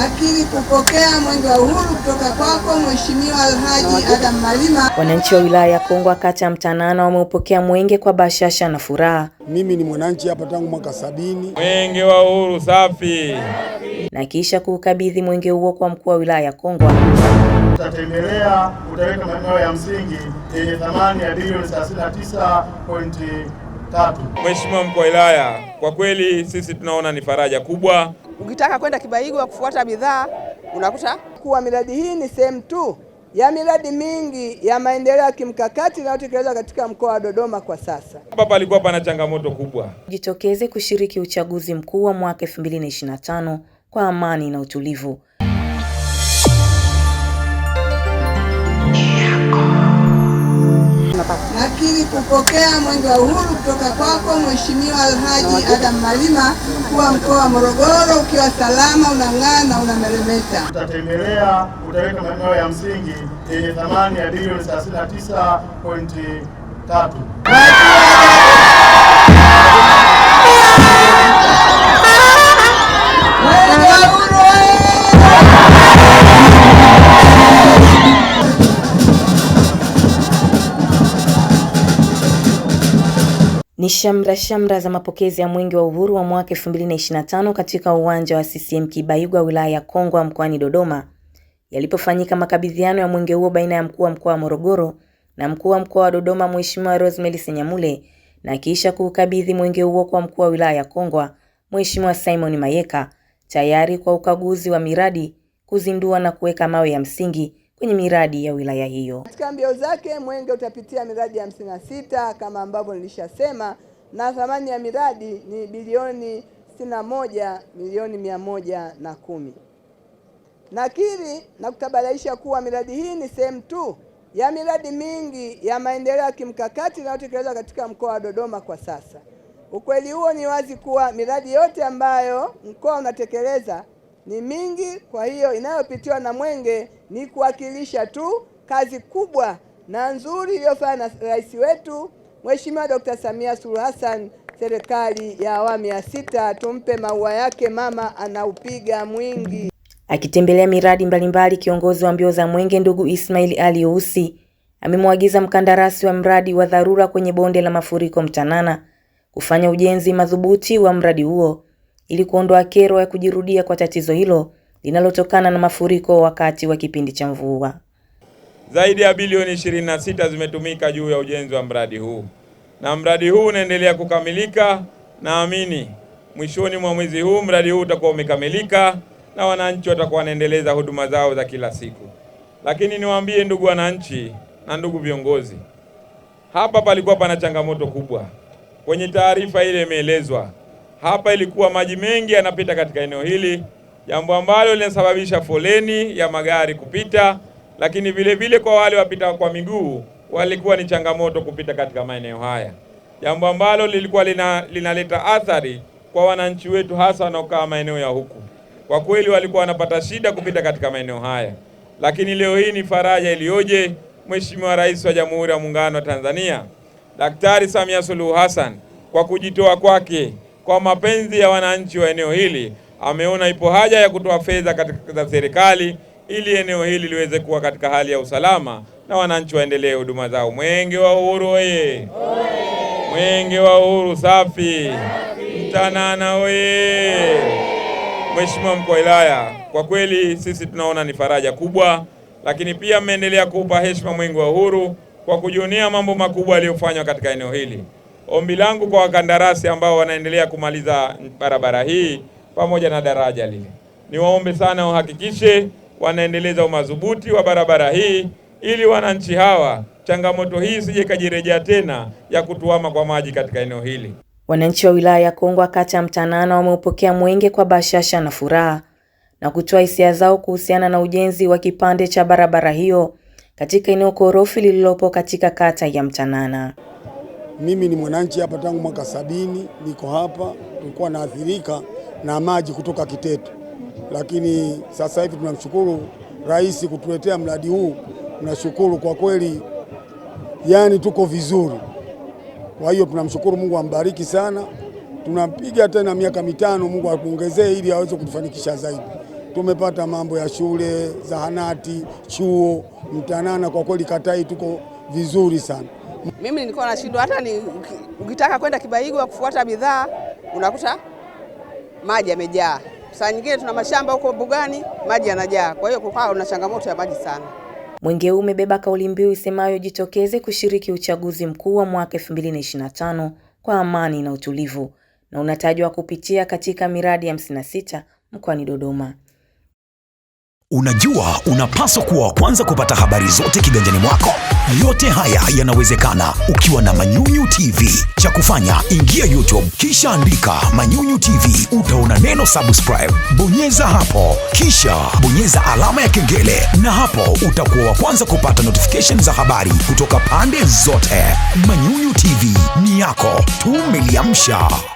lakini kupokea mwenge wa uhuru kutoka kwako Mheshimiwa Alhaji Adam Malima. Wananchi wa wilaya ya Kongwa kata ya Mtanana wameupokea mwenge kwa bashasha na furaha. Mimi ni mwananchi hapa tangu mwaka sabini. Mwenge wa uhuru safi, na kisha kuukabidhi mwenge huo kwa mkuu wa wilaya ya Kongwa. Utatembelea, utaweka maeneo ya msingi yenye thamani ya bilioni 39.3. Mheshimiwa mkuu wa wilaya, kwa kweli sisi tunaona ni faraja kubwa Ukitaka kwenda Kibaigwa kufuata bidhaa unakuta kuwa miradi hii ni sehemu tu ya miradi mingi ya maendeleo ya kimkakati inayotekelezwa katika mkoa wa Dodoma kwa sasa. Hapa palikuwa pana changamoto kubwa. Jitokeze kushiriki uchaguzi mkuu wa mwaka 2025 kwa amani na utulivu. Nakiri kupokea mwenge wa uhuru kutoka kwako Mheshimiwa Alhaji Adam Malima kuwa mkoa wa Morogoro ukiwa salama, unang'aa na unameremeta. Utatembelea, utaweka maeneo ya msingi yenye thamani ya bilioni 39.3. Shamra shamra za mapokezi ya mwenge wa uhuru wa mwaka 2025 katika uwanja wa CCM Kibayuga wilaya ya Kongwa mkoani Dodoma yalipofanyika makabidhiano ya mwenge huo baina ya mkuu wa mkoa wa Morogoro na mkuu wa mkoa wa Dodoma Mheshimiwa Rosemary Senyamule na kisha kuukabidhi mwenge huo kwa mkuu wa wilaya ya Kongwa Mheshimiwa Simon Mayeka tayari kwa ukaguzi wa miradi, kuzindua na kuweka mawe ya msingi kwenye miradi ya wilaya hiyo. Katika mbio zake mwenge utapitia miradi ya hamsini na sita kama ambavyo nilishasema, na thamani ya miradi ni bilioni sitini moja milioni mia moja na kumi. Nakiri na kutabaraisha kuwa miradi hii ni sehemu tu ya miradi mingi ya maendeleo ya kimkakati inayotekelezwa katika mkoa wa Dodoma kwa sasa. Ukweli huo ni wazi kuwa miradi yote ambayo mkoa unatekeleza ni mingi, kwa hiyo inayopitiwa na mwenge ni kuwakilisha tu kazi kubwa na nzuri iliyofanya na rais wetu Mheshimiwa Dkt. Samia Suluhu Hassan, serikali ya awamu ya sita, tumpe maua yake, mama anaupiga mwingi. Akitembelea miradi mbalimbali, kiongozi wa mbio za Mwenge ndugu Ismail Ali Ussi amemwagiza mkandarasi wa mradi wa dharura kwenye bonde la mafuriko Mtanana kufanya ujenzi madhubuti wa mradi huo ili kuondoa kero ya kujirudia kwa tatizo hilo linalotokana na mafuriko wakati wa kipindi cha mvua. Zaidi ya bilioni 26 zimetumika juu ya ujenzi wa mradi huu na mradi huu unaendelea kukamilika. Naamini mwishoni mwa mwezi huu mradi huu utakuwa umekamilika na wananchi watakuwa wanaendeleza huduma zao za kila siku. Lakini niwaambie ndugu wananchi na ndugu viongozi, hapa palikuwa pana changamoto kubwa. Kwenye taarifa ile imeelezwa hapa, ilikuwa maji mengi yanapita katika eneo hili, jambo ambalo linasababisha foleni ya magari kupita, lakini vile vile kwa wale wapita kwa miguu walikuwa ni changamoto kupita katika maeneo haya, jambo ambalo lilikuwa lina, linaleta athari kwa wananchi wetu hasa wanaokaa maeneo ya huku. Kwa kweli walikuwa wanapata shida kupita katika maeneo haya, lakini leo hii ni faraja iliyoje! Mheshimiwa Rais wa Jamhuri ya Muungano wa Tanzania Daktari Samia Suluhu Hassan kwa kujitoa kwake kwa mapenzi ya wananchi wa eneo hili ameona ipo haja ya kutoa fedha katika serikali ili eneo hili liweze kuwa katika hali ya usalama na wananchi waendelee huduma zao. Mwenge wa Uhuru oye! Mwenge wa Uhuru safi! Mtanana oye! Mheshimiwa mkuu wa wilaya, kwa kweli sisi tunaona ni faraja kubwa, lakini pia mmeendelea kuupa heshima Mwenge wa Uhuru kwa kujionea mambo makubwa yaliyofanywa katika eneo hili. Ombi langu kwa wakandarasi ambao wanaendelea kumaliza barabara hii pamoja na daraja lile, niwaombe sana wahakikishe wanaendeleza umadhubuti wa barabara hii ili wananchi hawa changamoto hii sije ikajirejea tena ya kutuama kwa maji katika eneo hili. Wananchi wa wilaya ya Kongwa kata ya Mtanana wameupokea mwenge kwa bashasha na furaha na kutoa hisia zao kuhusiana na ujenzi wa kipande cha barabara hiyo katika eneo korofi lililopo katika kata ya Mtanana. Mimi ni mwananchi hapa tangu mwaka sabini, niko hapa. Tulikuwa naathirika na maji kutoka Kiteto, lakini sasa hivi tunamshukuru rais kutuletea mradi huu Nashukuru kwa kweli, yani tuko vizuri. Kwa hiyo tunamshukuru Mungu, ambariki sana. Tunampiga tena miaka mitano, Mungu akuongezee ili aweze kutufanikisha zaidi. Tumepata mambo ya shule, zahanati, chuo, mtanana. Kwa kweli Katai tuko vizuri sana. Mimi nilikuwa nashindwa hata ni ukitaka kwenda Kibaigwa kufuata bidhaa unakuta maji yamejaa. Saa nyingine tuna mashamba huko bugani maji yanajaa. Kwa hiyo kukaa una changamoto ya maji sana. Mwenge huu umebeba kauli mbiu isemayo jitokeze kushiriki uchaguzi mkuu wa mwaka 2025 kwa amani na utulivu na unatajwa kupitia katika miradi 56 mkoani Dodoma. Unajua, unapaswa kuwa wa kwanza kupata habari zote kiganjani mwako. Yote haya yanawezekana ukiwa na Manyunyu TV. Cha kufanya ingia YouTube, kisha andika Manyunyu TV, utaona neno subscribe, bonyeza hapo, kisha bonyeza alama ya kengele, na hapo utakuwa wa kwanza kupata notification za habari kutoka pande zote. Manyunyu TV ni yako, tumeliamsha.